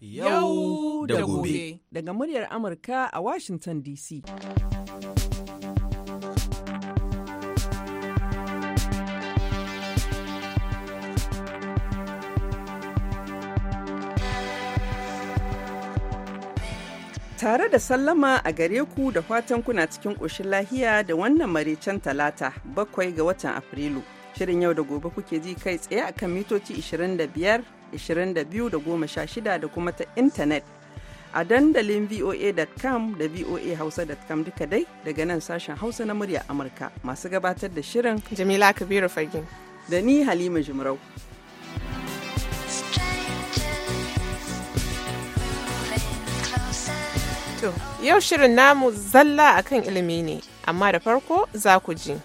yau da gobe daga muryar Amurka a Washington DC. tare da sallama a gare ku da fatan kuna cikin ƙoshin lahiya da wannan marecen talata bakwai ga watan afrilu shirin yau da gobe kuke ji kai tsaye a kan mitoci 25 2216 da kuma ta intanet a dandalin voa.com da voahausa.com duka dai daga nan sashen hausa na murya amurka masu gabatar da shirin jamila kabiru fagin da ni halima jimrau yau shirin namu zalla akan ilimi ne, amma da farko za ku ji.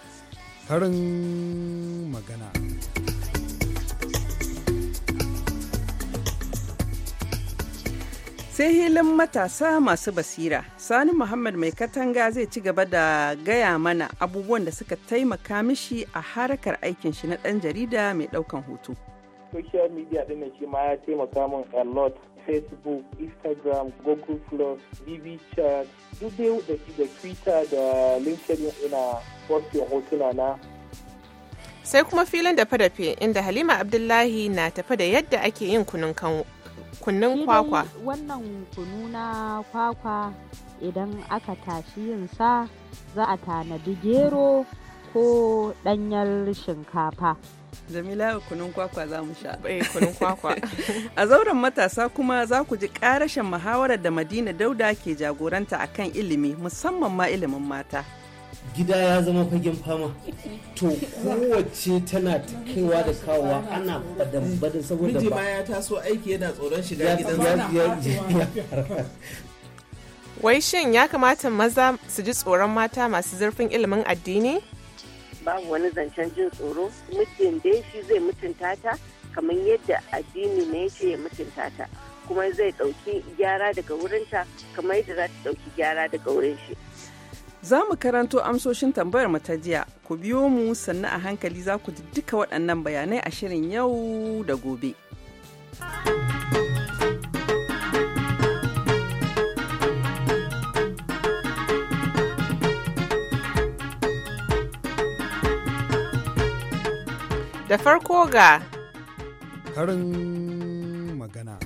Karin magana. sai hilin matasa masu basira sani muhammad mai katanga zai ci gaba da gaya mana abubuwan da suka taimaka mishi a harakar aikin shi na dan jarida mai ɗaukan hoto social media ɗin shi ma ya taimaka min a lot facebook instagram google plus bb chat duk da twitter da linkedin ina wasu hotuna na sai kuma filin da fadafe inda halima abdullahi na tafi da yadda ake yin kunun kanwo kunnin kwakwa wannan kunu na kwakwa idan aka tashi yin sa za a tanadi gero ko ɗanyar shinkafa Jamila kunun kwakwa za mu sha. Eh, kunun kwakwa. a zauren matasa kuma za ku ji karashin muhawarar da Madina Dauda ke jagoranta akan ilimi musamman ma ilimin mata. gida ya zama fagen fama to kowace tana kaiwa da kawowa ana badan badan saboda ba ya taso aiki yana tsoron shiga gidan wai shin ya kamata maza su ji tsoron mata masu zurfin ilimin addini babu wani zancen jin tsoro mutum dai shi zai mutunta ta kamar yadda addini ne yace ya mutunta ta kuma zai dauki gyara daga wurinta kamar yadda za ta ɗauki gyara daga wurin shi Za mu karanto amsoshin tambayar mu ta jiya, ku biyo mu sannan a hankali za ku ji duka waɗannan bayanai a shirin yau da gobe. Da farko ga karin magana.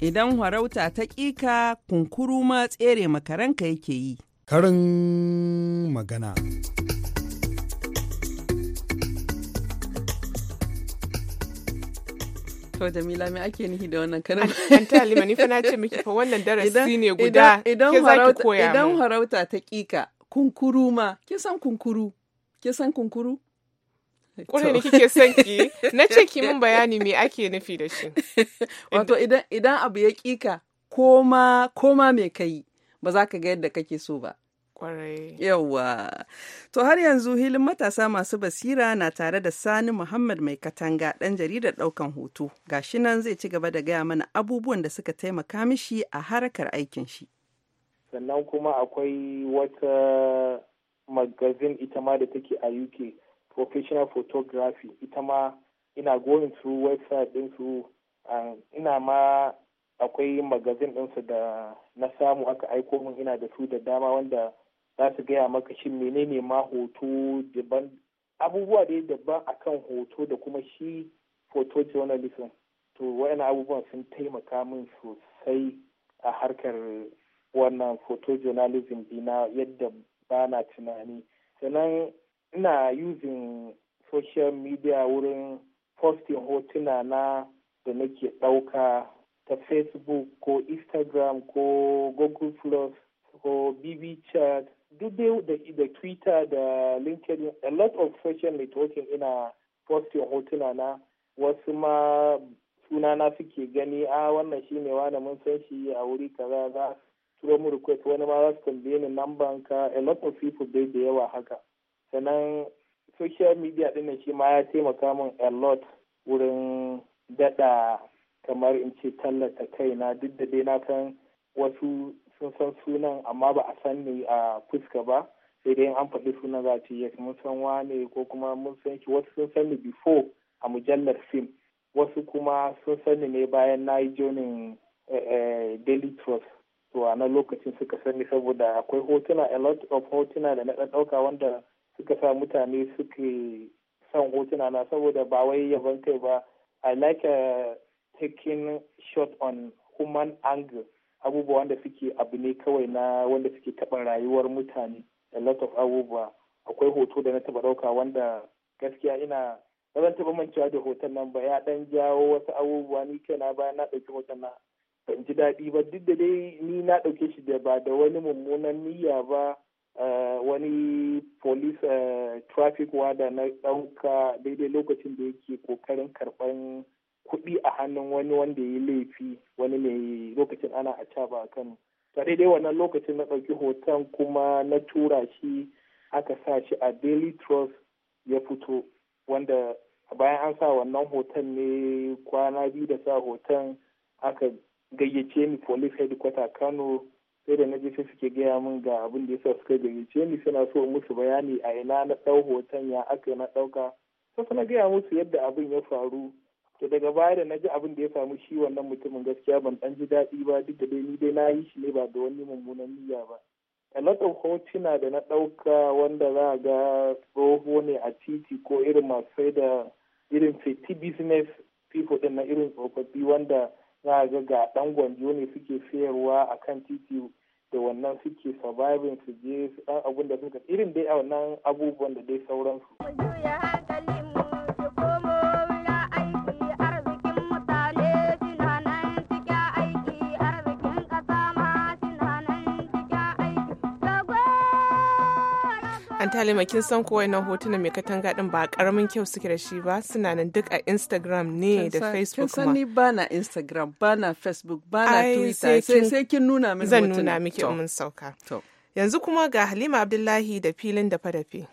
Idan harauta ta ƙika kunkuru ma tsere makaranka yake yi. Karin magana. To Jamila me ake nihi da wannan karin? An ta halima ni fana ce miki fa wannan darasi ne guda idan harauta idan harauta ta kika kunkuru ma kisan san kunkuru kisan san kunkuru Ƙure ne kike son ki na ce ki mun bayani me ake nufi da shi. Wato idan abu ya ƙika koma koma me kai ba za ka ga yadda kake so ba. kwarai. Yawwa. To har yanzu hilin matasa masu basira na tare da Sani Muhammad mai katanga ɗan jaridar ɗaukan hoto. ga shi nan zai ci gaba da gaya mana abubuwan da suka taimaka mishi a harkar aikin shi. Sannan kuma akwai wata magazin ita ma da take a UK professional photography ita ma ina going through website ɗinsu um, ina ma akwai magazin ɗinsu da na samu aka aiko min ina da su da dama wanda za su gaya maka shi menene ma hoto daban abubuwa dai daban akan hoto da kuma shi photojournalism to wani abubuwa sun taimaka min sosai a harkar wannan photojournalism dina yadda ba na tunani sannan ina using social media wurin posting hotuna na da nake ɗauka ta facebook ko instagram ko google plus ko bb chat duk dai da twitter da linkedin a lot of social networking ina posting hotuna na wasu ma sunana suke gani a ah, wannan shi ne wani mun san shi a wuri kaza za turo mu request wani ma za su tambaye ni number ka a lot of people dai da yawa haka sannan social media ɗin shi ma ya taimaka min a lot wurin daɗa kamar in ce tallata na duk da dai na san wasu sun san sunan amma ba a san ni a fuska ba sai dai an faɗi sunan za ce yes mun san wane ko kuma mun san ki wasu sun san ni before a mujallar film wasu kuma sun san ni ne bayan na yi jonin eh, eh, daily trust to a nan lokacin suka sani saboda akwai hotuna a lot of hotuna da na ɗauka wanda suka sa mutane suke son hotuna na saboda ba wai yaban kai ba i like a uh, taking shot on human angle abubuwa da suke abu ne kawai na wanda suke taɓa rayuwar mutane a lot of abubuwa akwai hoto da na taɓa ɗauka wanda gaskiya ina ba zan taɓa mancewa da hoton nan ba ya ɗan jawo wasu abubuwa ni na bayan na ɗauki hoton nan ban ji daɗi ba duk da dai ni na ɗauke shi da ba da wani mummunan niyya ba Eh, wani police eh, traffic wada na ɗauka daidai lokacin da yake kokarin karɓan kuɗi a hannun wani wanda ya yi laifi wani mai lokacin ana a caba a kano ta daidai wannan lokacin na ɗauki hoton kuma na tura shi aka sa shi a daily trust ya fito wanda bayan an sa wannan hoton ne kwana biyu da sa hoton aka gayyace ni police headquarter kano sai da na ji sai suke gaya min ga abin da yasa suka gayyace ni suna so musu bayani a ina na ɗau hoton ya aka na ɗauka sai na gaya musu yadda abin ya faru to daga baya da na ji abin da ya samu shi wannan mutumin gaskiya ban ɗan ji daɗi ba duk da dai ni dai na yi shi ne ba da wani mummunan niyya ba talatin hotuna da na ɗauka wanda za a ga tsoho ne a titi ko irin masu sai da irin fiti business people ɗin na irin tsofaffi wanda za a ga ga ɗan gwanjo ne suke sayarwa a kan titi da wannan suke surviving su je abin da suka irin dai a wannan abubuwan da dai sauransu. An talima kin san kowai na hotunan mai katanga din ba karamin kyau suke da shi ba suna nan duk a Instagram ne da Facebook ma. Kin san ni ba na Instagram ba na Facebook ba na Twitter sai sai kin nuna min hotuna Zan nuna miki mun sauka. Yanzu kuma ga Halima Abdullahi da filin da fadafe.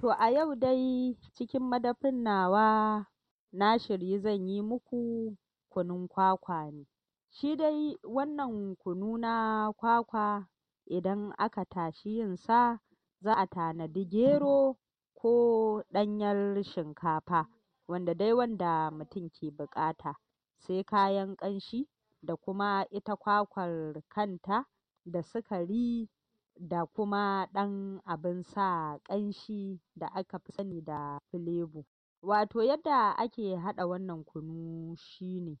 To a yau dai cikin madafin nawa na shirye zan yi muku kunun kwakwa ne. Shi dai wannan kunu na kwakwa idan aka tashi yin sa za a tanadi gero ko ɗanyar shinkafa wanda dai wanda mutum ke buƙata sai kayan ƙanshi da kuma ita kwakwar kanta da sukari da kuma ɗan abin sa ƙanshi da aka fi sani da filebo. Wato yadda ake haɗa wannan kunu shi ne.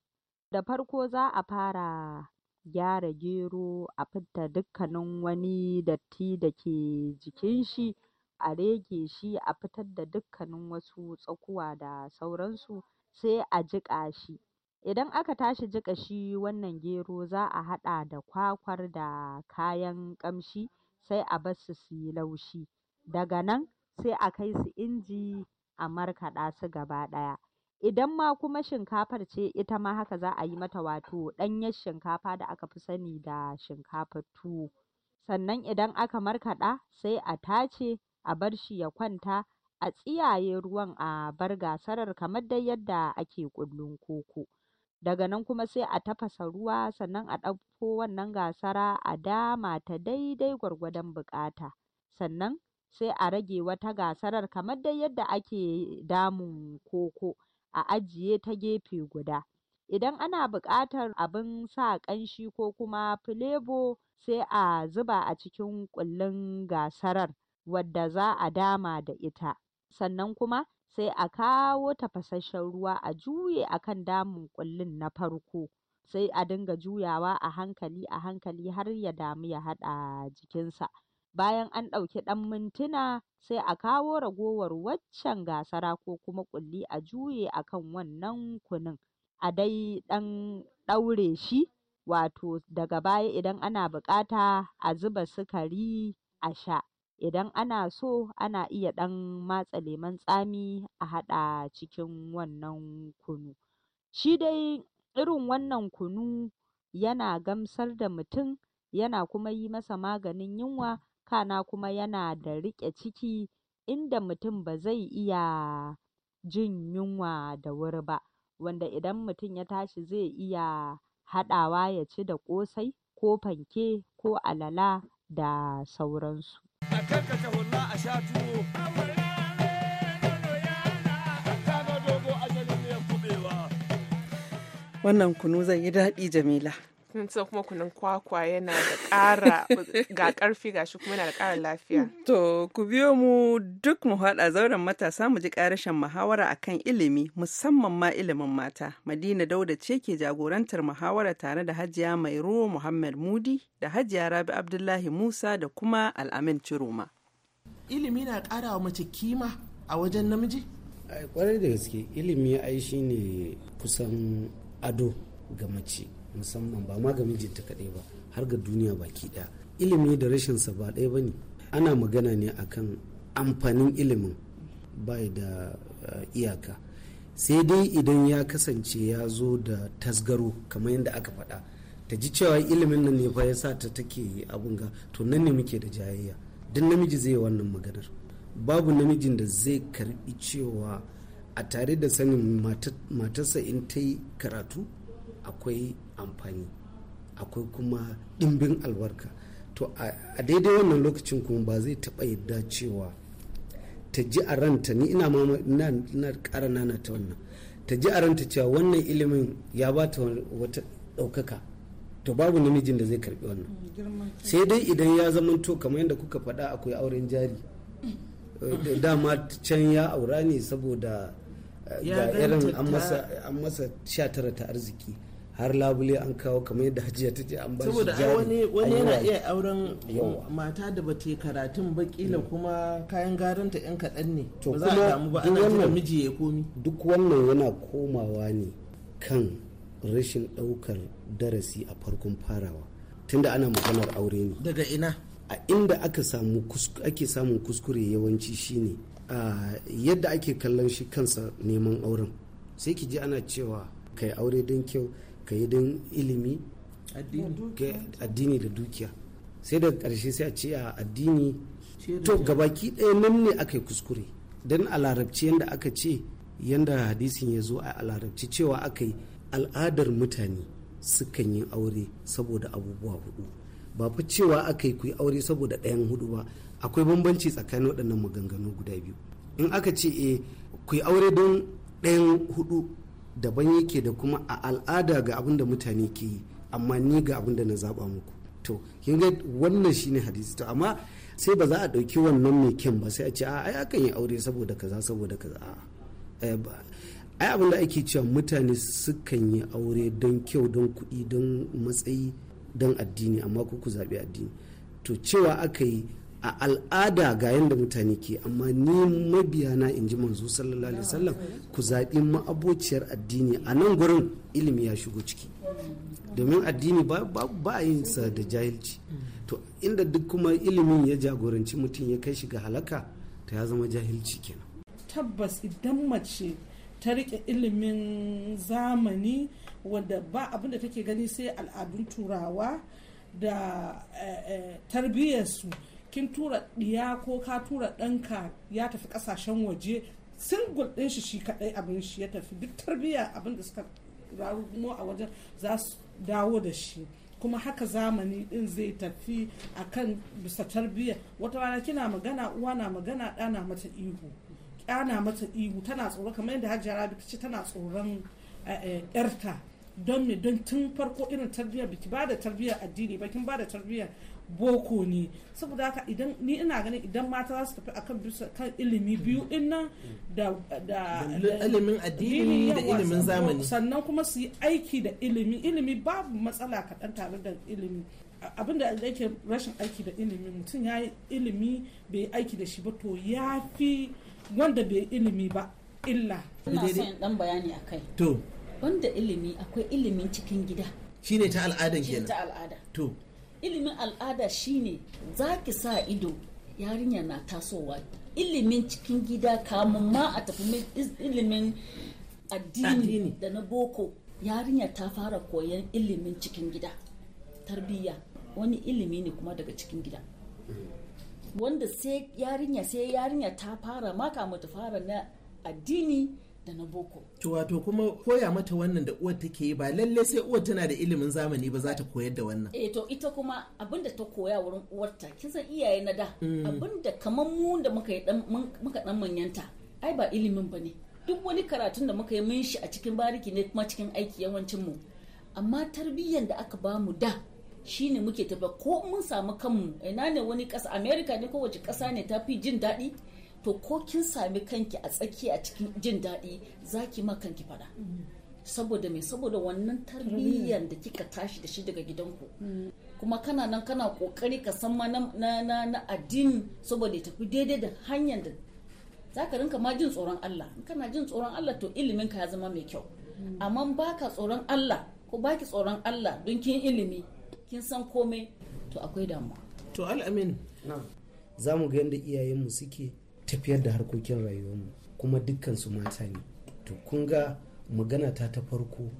da farko za a fara gyara gero a fidda dukkanin wani datti da ke jikin shi a rege shi a fitar da dukkanin wasu tsakuwa da sauransu sai a jiƙa shi idan aka tashi jiƙa shi wannan gero za a haɗa da kwakwar da kayan ƙamshi sai a barsu suyi laushi daga nan sai a kai su inji a markaɗa su gaba ɗaya Idan ma kuma shinkafar ce ita ma haka za a yi mata wato ɗanyar shinkafa da aka fi sani da shinkafar tuwo. Sannan idan aka markaɗa sai a tace a bar shi ya kwanta a tsiyaye ruwan a bar gasarar kamar dai yadda ake ƙullun koko. Daga nan kuma sai a tafasa ruwa sannan a ɗauko wannan gasara a dama ta daidai gwargwadon buƙata. Sannan sai a rage wata gasarar kamar dai yadda ake damun koko a ajiye ta gefe guda. Idan ana buƙatar abin sa ƙanshi ko kuma filebo sai a zuba a cikin ƙullin gasarar wadda za a dama da ita. Sannan kuma sai a kawo tafasasshen ruwa a juye a kan damun ƙullin na farko. Sai a dinga juyawa a hankali a hankali har ya damu ya haɗa jikinsa. bayan an ɗauki ɗan mintuna sai a kawo ragowar waccan gasara ko kuma ƙulli a juye a kan wannan kunun a dai ɗan ɗaure shi wato daga baya idan ana buƙata a zuba sukari a sha idan ana so ana iya ɗan matsa lemon tsami a haɗa cikin wannan kunu. Shi dai irin wannan kunu yana gamsar da mutum yana kuma yi masa maganin yunwa kana kuma yana da riƙe ciki inda mutum ba zai iya jin yunwa da wuri ba wanda idan mutum ya tashi zai iya haɗawa ya ci da ƙosai ko fanke ko alala da sauransu. Wannan kunu zai yi daɗi Jamila. kin kuma kunun kwakwa yana da ƙara ga ƙarfi shi kuma yana da ƙara lafiya. To ku biyo mu duk mu haɗa zauren matasa mu ji ƙarashin muhawara a kan ilimi musamman ma ilimin mata. Madina Dauda ce ke jagorantar muhawara tare da Hajiya mai Mairo Muhammad Mudi da Hajiya Rabi Abdullahi Musa da kuma Al'amin Ciroma. Ilimi na ƙara wa mace kima a wajen namiji? Kwarai da gaske ilimi ai shine kusan ado ga mace. musamman ba ma ga mijinta kaɗai ba har ga duniya baki ɗaya ilimi da rashin sa ba ɗaya bane ana magana ne akan amfanin ilimin bai da eh, iyaka sai dai idan ya kasance ya zo da tasgaro kamar yadda aka faɗa ta ji cewa ilimin nan ne fa ya sa ta take abin ga to nan ne muke da jayayya duk namiji zai wannan maganar babu namijin da zai karbi cewa a tare da sanin matarsa in ta yi karatu akwai amfani akwai kuma ɗimbin albarka to a daidai wannan lokacin kuma ba zai taɓa yadda cewa ta ji a ranta ni ina na ƙara nana ta wannan ta ji a ranta cewa wannan ilimin ya ba ta wata ɗaukaka to babu namijin da zai karbi wannan sai dai idan ya zamanto kamar yadda kuka faɗa akwai auren jari eh, dama can ya aura ne saboda eh, ga irin an masa sha tara ta arziki har labule an kawo kamar yadda hajiya ta ce an ba saboda jari wani yana iya auren mata da bata karatun ba kila mm. kuma kayan ta yan kaɗan ne ba za a damu ba ana jira miji ya komi duk wannan yana komawa ne kan rashin ɗaukar darasi a farkon farawa tunda ana maganar aure ne daga ina a inda aka samu ake samun kuskure yawanci shine yadda ake kallon shi kansa neman auren sai ki ji ana cewa kai aure don kyau ka yi don ilimi addini da dukiya sai daga karshe sai a ce a addini to gabaki ɗaya nan ne aka yi kuskure don a larabci yadda aka ce yadda hadisin ya zo a larabci cewa aka yi al'adar mutane sukan yi aure saboda abubuwa hudu ba fa cewa aka yi ku aure saboda ɗayan hudu ba akwai bambanci tsakanin waɗannan maganganu guda biyu in aka ce e ku aure don ɗayan hudu daban yake da kuma a al'ada ga abin da mutane ke yi amma ni ga abin da na zaba muku to kin ga wannan shine hadisi to amma sai ba za a ɗauki wannan mai kyan ba sai a ce a ai akan yi aure saboda kaza saboda kaza a ai abin da ake cewa mutane sukan yi aure don kyau don kuɗi don matsayi don addini amma ku ku zaɓi addini to cewa aka yi a al'ada ga yadda mutane ke amma ni mabiya na in ji manzo sallallahu alaihi wasallam ku zaɓi ma'abociyar addini a nan gurin ilimi ya shigo ciki domin addini ba a yin sa da jahilci to inda duk kuma ilimin ya jagoranci mutum ya kai shi ga halaka ta ya zama jahilci kenan tabbas idan mace ta rike ilimin zamani wanda ba abin da take gani sai al'adun turawa da eh, eh, tarbiyyarsu kin tura ɗiya ko ka tura ɗanka ya tafi ƙasashen waje singul ɗin shi shi kaɗai abin shi ya tafi duk tarbiyya abin da suka rarumo a wajen za su dawo da shi kuma haka zamani ɗin zai tafi a kan bisa tarbiyya wata rana kina magana uwa na magana ɗana mata ihu na mata ihu tana tsoron. kamar yadda hajji rabi ta ce tana tsoron yarta eh, eh, don me don tun farko irin tarbiyyar biki ba da tarbiyyar addini ba kin ba da tarbiyyar boko ne saboda haka idan ni ina ganin idan mata za su tafi akan bisa kan ilimi biyu in nan da da ilimin addini da ilimin zamani sannan kuma su yi aiki da ilimi ilimi babu matsala kaɗan tare da ilimi abin da yake rashin aiki da ilimi mutum ya yi ilimi bai yi aiki da shi ba to ya fi wanda bai ilimi ba illa ina son dan bayani akai to wanda ilimi akwai ilimin cikin gida shine ta al'adan kenan ta al'ada to ilimin al'ada shine za ki sa ido yarinya na tasowa ilimin cikin gida kamun ma a tafi ilimin addini da na boko yarinya ta fara koyan ilimin cikin gida tarbiyya wani ilimi ne kuma daga cikin gida wanda sai yarinya sai yarinya ta fara maka mata fara na addini da na boko. To wato kuma koya mata wannan da uwar take yi ba lalle sai uwar tana da ilimin zamani ba za ta koyar da wannan. Eh to ita kuma abin da ta koya wurin uwarta kin san iyaye na da mm. abin da kamar mu da muka yi dan muka dan manyanta ai ba ilimin bane duk wani karatun da muka yi mun shi a cikin bariki ne kuma cikin aiki yawancin mu amma tarbiyyar da aka ba mu da shine muke tafiya ko mun samu kanmu ina ne wani ƙasa America ne ko wace ƙasa ne ta fi jin daɗi to ko kin sami kanki a tsaki a cikin jin daɗi za ki ma kanki fada saboda mai saboda wannan tarbiyyar da kika tashi da shi daga gidanku kuma kana nan kana kokari ka san ma na addini saboda ya tafi daidai da hanyar da za ka rinka ma jin tsoron Allah in kana jin tsoron Allah to ilimin ka ya zama mai kyau amma baka tsoron Allah ko baki tsoron Allah don kin ilimi kin san komai to akwai damuwa to al'amin za mu ga yadda iyayenmu suke tafiyar da harkokin rayuwarmu kuma dukkansu mata ne to kun ga magana ta ta farko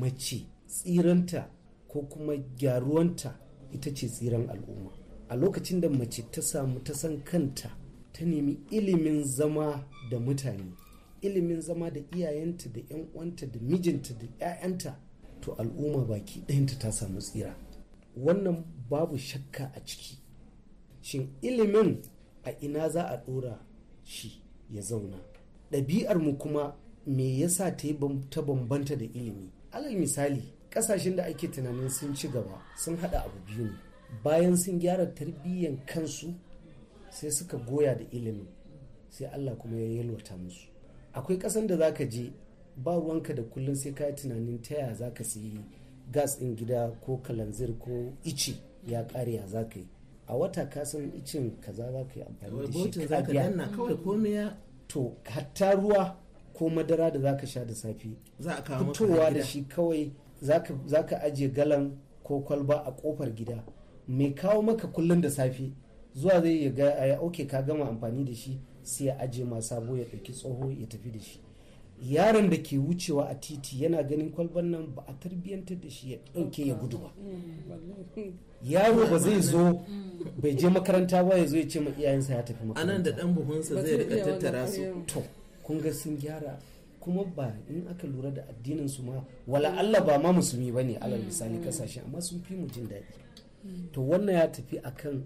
mace tsiranta ko kuma gyaruwanta ita ce tsiran al'umma a lokacin da mace ta samu ta san kanta ta nemi ilimin zama da mutane ilimin zama da iyayenta da 'yan uwanta da mijinta da 'ya'yanta to al'umma baki ɗayanta ta samu tsira wannan babu shakka a ciki shin ilimin a ina za a ɗora shi ya zauna ɗabi'ar mu kuma me yasa ta bambanta da ilimi alal misali ƙasashen da ake tunanin sun ci gaba sun haɗa abu biyu ne bayan sun gyara tarbiyyar kansu sai suka goya da ilimi, sai allah kuma ya yalwata musu akwai ƙasan da zaka je ba ruwanka da kullum sai ka tunanin ta yaya za ka sayi gas ɗin gida ko kalanzir ko ice ya ƙare ya za ka yi a wata ka san icin kaza za ka yi amfani da shi ka biya to hatta ruwa ko madara da za ka sha da safi fitowa da shi kawai za ka ajiye galan ko kwalba a kofar gida mai kawo maka kullum da safe zuwa zai ya ga ya oke ka gama amfani da shi sai ya aje ma sabo ya ɗauki tsoho ya tafi da shi yaron da ke wucewa a titi yana ganin kwalban nan ba a tarbiyyantar da shi ya ɗauke ya gudu ba yaro ba zai zo bai je makaranta ba ya zo ya ce ma iyayensa ya tafi makaranta anan da dan buhunsa zai rika tattara su to kun ga sun gyara kuma ba in aka lura da addinin su ma wala Allah ba ma musulmi bane alal misali kasashe mm. amma sun fi mu jin daɗi to wannan ya tafi akan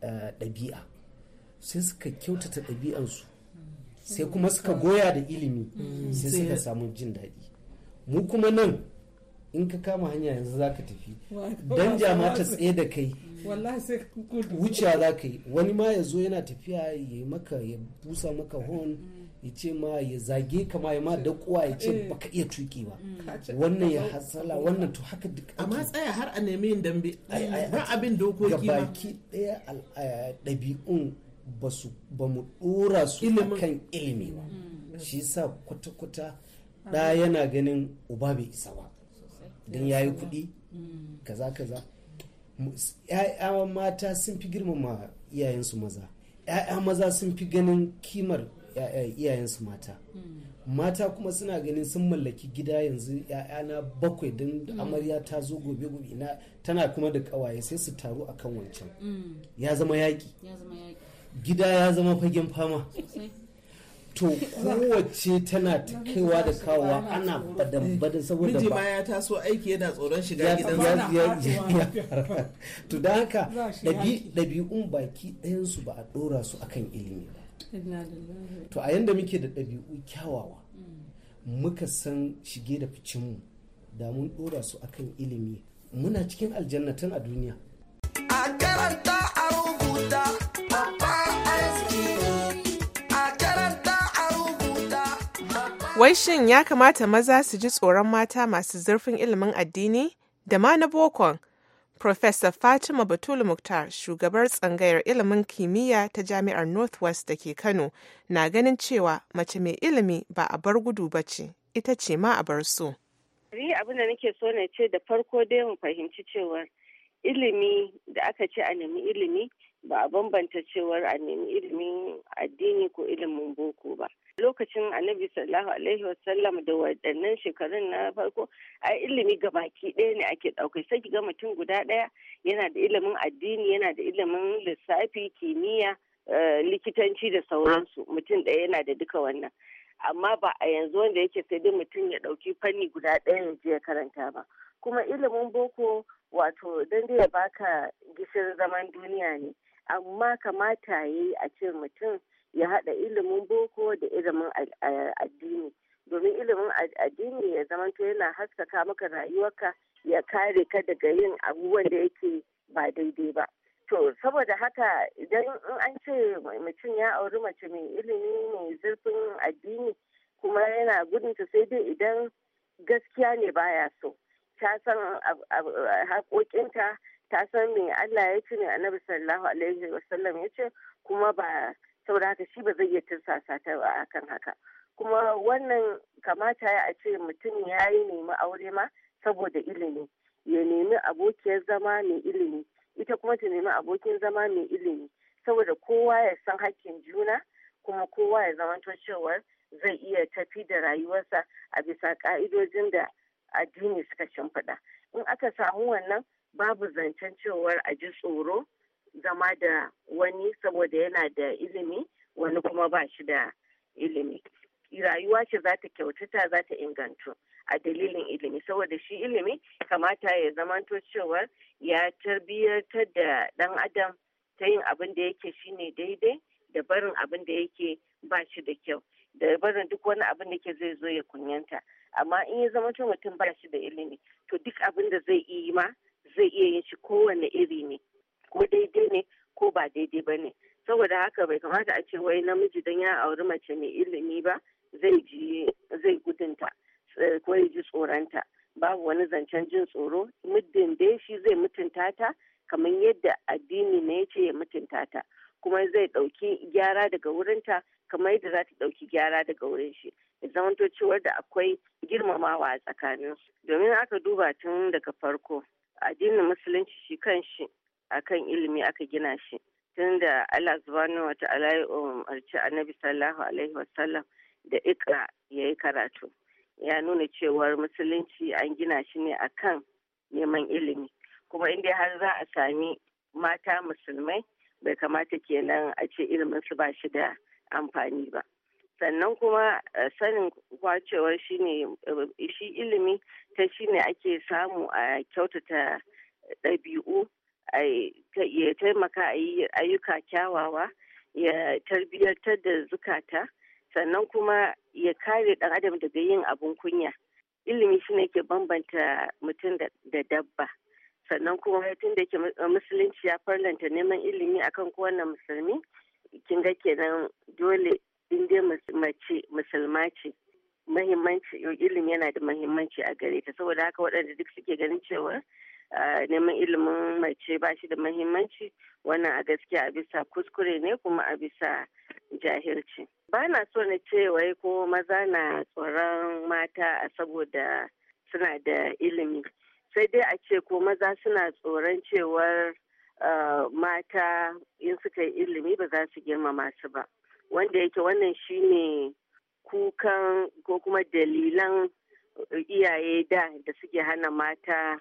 eh, ɗabi'a sai suka kyautata ɗabi'ansu sai kuma suka goya da ilimi sai suka mm. samu jin daɗi mu kuma nan in ka kama hanya yanzu za ka tafi dan jama ta tsaye da kai wucewa za ka yi wani ma ya zo yana tafiya ya yi maka ya busa maka hon mm. ya ce ma ya zage ka ma ya ma da kuwa ya ce eh. ba ka iya tuki ba mm. wannan ya hasala wannan to haka duk amma tsaya har a nemi yin dambe ba abin dokoki ba baki daya eh, ɗabi'un ba mu dora su kan ilimi ba mm. shi sa kwata-kwata ɗa yana ganin uba bai isa ba don ya yi kuɗi kaza-kaza mm. ‘ya'ya mata sun fi girmama iyayensu maza ‘ya'ya maza sun fi ganin kimar iyayensu mata mm. mata kuma suna ganin sun mallaki gida yanzu na bakwai don amarya ta zo gobe gobe tana kuma da kawaye sai su taru akan wancan ya zama yaƙi gida ya zama fagen fama to kowace tana kaiwa da kawowa ana badan badan saboda ba. Miji ya taso aiki yana tsoron shiga gidan ya To da haka ɗabi'un baki ɗayansu ba a ɗora su akan ilimi ba. To a yanda muke da ɗabi'u kyawawa muka san shige da mu da mun ɗora su akan ilimi muna cikin aljannatin a duniya. A karanta a rubuta Wai shin ya kamata maza su ji tsoron mata masu zurfin ilimin addini da ma na bokon? Professor Fatima Batul Mukhtar, shugabar tsangayar ilimin kimiyya ta Jami'ar Northwest da ke Kano, na ganin cewa mace mai ilimi ba a bar gudu ba ce, ita ce ma a bar so. Ri abin da nake so na ce da farko dai mu fahimci cewar ilimi da aka ce a nemi ilimi ba a bambanta cewar a nemi ilimin addini ko ilimin boko ba lokacin annabi sallallahu alaihi wasallam da waɗannan shekarun na farko a ilimi ga baki ɗaya ne ake ɗaukai sai ki ga mutum guda ɗaya yana da ilimin addini yana da ilimin lissafi kimiyya eh, likitanci da sauransu mutum ɗaya yana da duka wannan amma ba a yanzu wanda yake sai dai mutum ya ɗauki fanni guda ɗaya ya je ya karanta ba kuma ilimin boko wato don ya baka gishirin zaman duniya ne amma kamata ya yi a ce mutum ya haɗa ilimin boko da ilimin addini domin ilimin addini ya zamanto yana haskaka maka rayuwarka ya kare ka daga yin abubuwan da yake ba daidai ba to saboda haka idan in an ce mutum ya auri mace mai ilimi mai zurfin addini kuma yana gudun ta sai dai idan gaskiya ne baya so ta san haƙoƙinta ta san me Allah ya ce ne annabi sallallahu alaihi wasallam ya ce kuma ba saboda haka shi ba zai iya tursasa ta ba akan haka kuma wannan kamata ya a ce mutum ya yi nemi aure ma saboda ilimi ya nemi abokiyar zama mai ilimi ita kuma ta nemi abokin zama mai ilimi saboda kowa ya san hakkin juna kuma kowa ya zamanto cewa zai iya tafi da rayuwarsa a bisa ka'idojin da addini suka shimfiɗa in aka samu wannan babu zancen cewar a ji tsoro zama da wani saboda yana da ilimi wani kuma ba shi da ilimi rayuwa ce za ta kyautata za ta ingantu a dalilin ilimi saboda shi ilimi kamata ya zamanto cewar ya tarbiyyantar da ɗan adam ta yin abin da yake shine daidai da barin abin da yake ba shi da kyau da barin duk wani abin da ke zai zo ya kunyanta amma in ya zama mutum ba shi da ilimi to duk abin da zai yi ma zai iya yin shi kowane iri ne ko daidai ne ko ba daidai ba ne saboda haka bai kamata a ce wai namiji don ya auri mace mai ilimi ba zai gudunta eh, ko ya ji tsoronta babu wani zancen jin tsoro muddin dai shi zai mutunta ta kamar yadda addini ne yace ya mutunta ta kuma zai ɗauki gyara daga wurinta kamar yadda za ta ɗauki gyara daga wurin shi ya zamanto cewar da akwai girmamawa a tsakaninsu domin aka duba tun daga farko addinin musulunci shi kan shi akan ilimi aka gina shi Tun da Allah subhanahu wa ta'ala ya umarci annabi sallallahu alaihi wasallam da ikra yayi karatu ya nuna cewar musulunci an gina shi ne akan neman ilimi kuma inda har za a sami mata musulmai bai kamata kenan a ce ilimin su ba shi da amfani ba sannan kuma eh, sanin kwacewar shi ne eh, shi ilimi ta shi ne ake samu a kyautata ɗabi'u ya taimaka a yi ayyuka kyawawa ya tarbiyyantar da zukata sannan kuma ya kare ɗan adam daga yin abun kunya ilimi shi ne ke bambanta mutum da dabba sannan kuma tun da ke eh, musulunci ya farlanta neman ilimi akan kowane musulmi kin kenan dole in dai mace musulma ce mahimmanci ilimi yana da mahimmanci a gare ta saboda haka waɗanda duk suke ganin cewa neman ilimin mace ba shi da mahimmanci wannan a gaskiya a bisa kuskure ne kuma a bisa jahilci ba na so na ce wai ko maza na tsoron mata a saboda suna da ilimi sai dai a ce ko maza suna tsoron cewar mata in suka yi ilimi ba za su girmama su ba wanda yake wannan shine kukan ko kuma dalilan iyaye da da suke hana mata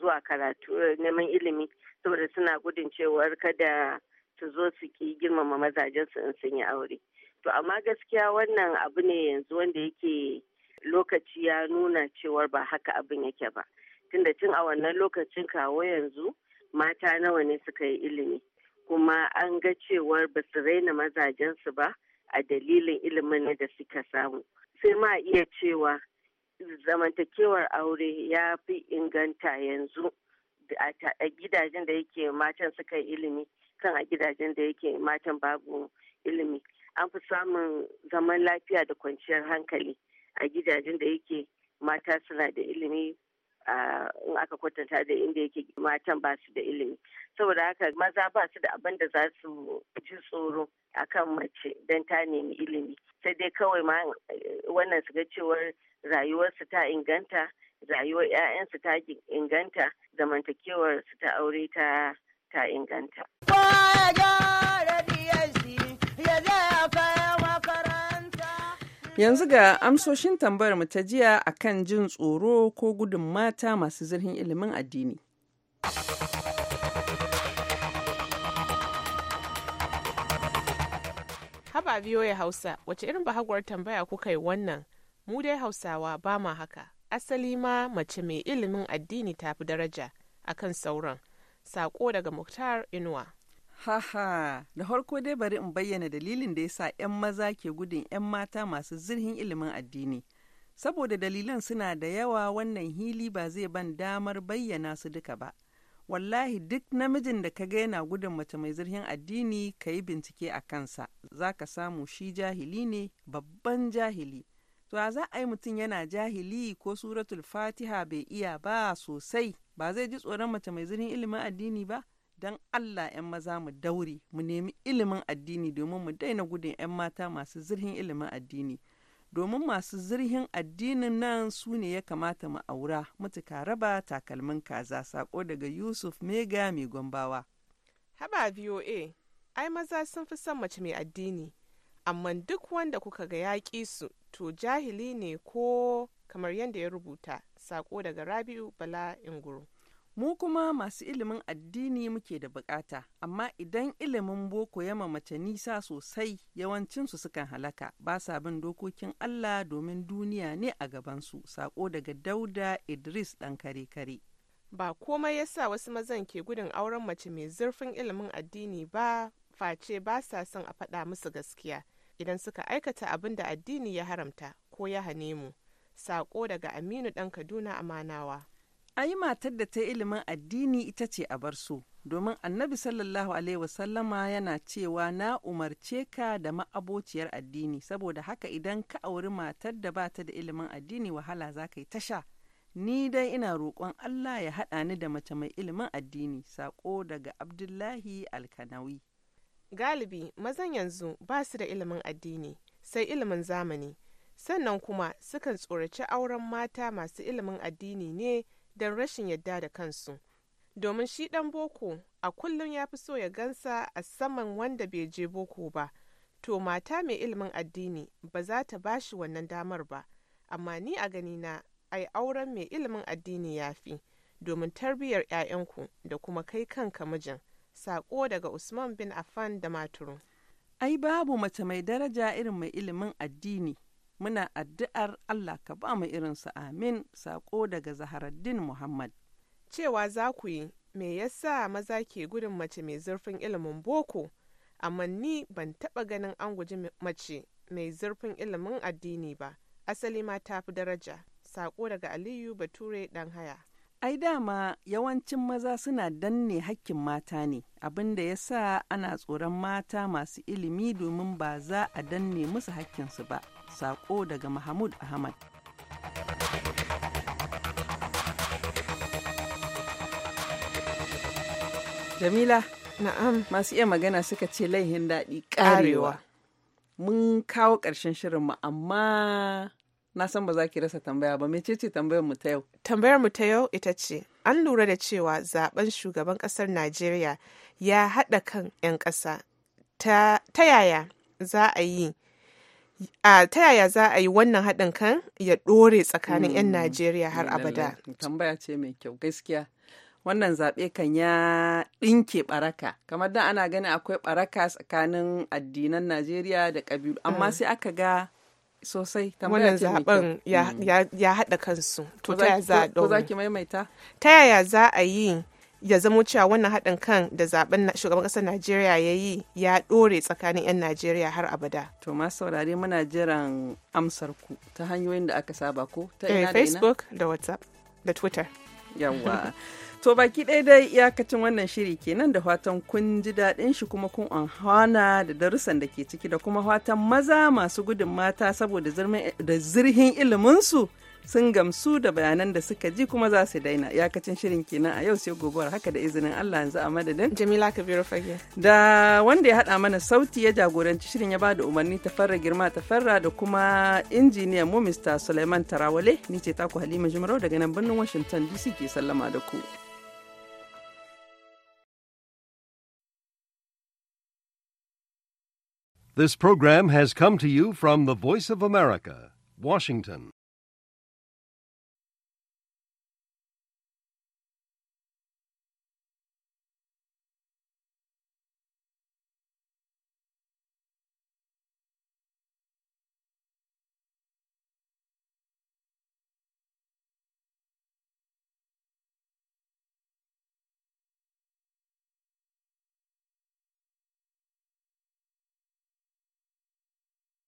zuwa karatu eh, neman ilimi saboda suna gudun cewar kada su zo su ki girmama mazajen su in sun yi aure to amma gaskiya wannan abu ne yanzu wanda yake lokaci ya nuna cewar ba haka abin yake ba tunda tun a wannan lokacin kawo yanzu mata nawa ne suka yi ilimi kuma an ga cewar ba su raina mazajensu ba a dalilin ilimin da suka samu sai ma iya cewa zamantakewar aure ya fi inganta yanzu a gidajen da yake matan suka yi ilimi kan a gidajen da yake matan babu ilimi an fi samun zaman lafiya da kwanciyar hankali a gidajen da yake mata suna da ilimi in aka kwatanta da inda yake matan ba su da ilimi saboda haka maza ba su da abin da za su ji tsoro akan mace don ta nemi ilimi sai dai kawai ma wannan su ga cewar rayuwarsu ta inganta rayuwar 'ya'yansu ta inganta zamantakewarsu ta aure ta inganta. Yanzu ga amsoshin tambayar mu ta jiya akan jin tsoro ko gudun mata masu zirhin ilimin addini. Haba biyo ya Hausa, wace irin bahagwar tambaya kuka yi wannan? Mu dai Hausawa ba ma haka. Asali ma mace mai ilimin addini tafi daraja akan sauran. Sako daga Muktar Inuwa. Haha, da harko dai bari in bayyana dalilin da ya sa 'yan maza ke gudun 'yan mata masu zirhin ilimin addini. Saboda dalilan suna da yawa wannan hili ba zai ban damar bayyana su duka ba. Wallahi duk namijin da ka ga yana gudun mace mai zirhin addini ka yi bincike a kansa, za ka samu shi jahili ne, babban jahili. To a za a yi mutum yana jahili ko suratul fatiha bai iya ba sosai, ba zai ji tsoron mace mai zirhin ilimin addini ba? don Allah 'yan maza mu daure mu nemi ilimin addini domin mu daina gudun 'yan mata masu zirhin ilimin addini domin masu zirhin addinin nan su ne ya kamata mu aura mutuka raba takalmin kaza sako daga Yusuf Mega mai gombawa. Haba VOA, ai maza sun fi son mace mai addini, amma duk wanda kuka ga yaƙi su to jahili ne ko kamar yadda ya rubuta sako daga Rabi'u Bala Inguru. mu kuma masu ilimin addini muke da bukata amma idan ilimin boko ya mamace nisa sosai yawancinsu sukan halaka ba sa bin dokokin Allah domin duniya ne a gabansu sako daga dauda idris dan kare kare ba komai yasa wasu mazan ke gudun auren mace mai zurfin ilimin addini ba face ba sa son a faɗa musu gaskiya idan suka aikata abin da addini ya haramta ko ya hane mu sako daga aminu dan kaduna amanawa ai matar da ta yi ilimin addini ita ce a bar so domin annabi sallallahu alaihi wasallama yana cewa na umarce ka da ma'abociyar addini saboda haka idan ka auri matar da ba ta da ilimin addini wahala za ka yi tasha ni dai ina roƙon Allah ya haɗa ni da mace mai ilimin addini saƙo daga abdullahi alkanawi galibi mazan yanzu ba su da ilimin addini sai ilimin zamani sannan kuma sukan tsoraci auren mata masu ilimin addini ne don rashin yadda da kansu. Domin shi ɗan boko a kullum ya fi so ya gansa a saman wanda bai je boko ba, to mata mai ilimin addini ba za ta ba shi wannan damar ba, amma ni a ganina ai auren mai ilimin addini ya fi, domin tarbiyyar 'ya'yanku da kuma kai kanka mijin. saƙo daga Usman bin Affan da Maturu. Ai babu mace mai daraja irin mai ilimin addini. muna addu'ar Allah ka ba mu irinsu amin sako daga Zaharaddin Muhammad. Cewa za ku yi, me yasa maza ke gudun mace mai zurfin ilimin boko, amma ni ban taɓa ganin an guji mace mai zurfin ilimin addini ba, asali ma ta fi daraja. Saƙo daga Aliyu Bature ɗan haya. Ai dama yawancin maza suna danne hakkin mata ne, abin da ya sa ana tsoron mata masu ilimi domin ba za a danne musu hakkinsu ba. Sako daga Mahmud Ahmad. Jamila, na'am masu iya magana suka ce laihin daɗi ƙarewa. Mun kawo ƙarshen shirinmu amma na san ba za ki rasa tambaya ba mecece tambayar mu ta yau tambayar mu ta yau ita ce an lura da cewa zaben shugaban ƙasar najeriya ya haɗa kan 'yan ƙasa ta, yaya za a yi a ta yaya za a yi wannan haɗin kan ya ɗore tsakanin 'yan mm, najeriya har mm, abada tambaya ce mai kyau gaskiya wannan zaɓe kan ya ɗinke ɓaraka kamar da ana gani akwai ɓaraka tsakanin addinan najeriya da ƙabilu amma mm. sai aka ga sosai wannan zaɓen ya haɗa kansu to ta yaya za a yi ya zamo cewa wannan haɗin kan da zaben shugaban ƙasar najeriya ya yi ya ɗore tsakanin 'yan najeriya har abada to ma saurare muna jiran amsar ku ta hanyoyin da aka saba ko ta eh, ina da ina? facebook da whatsapp da twitter yawa to baki ɗaya dai iyakacin wannan shiri kenan da fatan kun ji daɗin shi kuma kun anhana da darussan da ke ciki da kuma fatan maza masu gudun mata saboda zirhin iliminsu su sun gamsu da bayanan da suka ji kuma za su daina yakacin shirin kenan a yau sai gobuwar haka da izinin Allah yanzu a madadin Jamila Kabiru Fage da wanda ya hada mana sauti ya jagoranci shirin ya bada umarni ta farra girma ta farra da kuma injiniyan mu Mr. Suleiman Tarawale ni ce taku Halima Jumarau daga nan birnin Washington DC ke sallama da ku. This program has come to you from the Voice of America, Washington.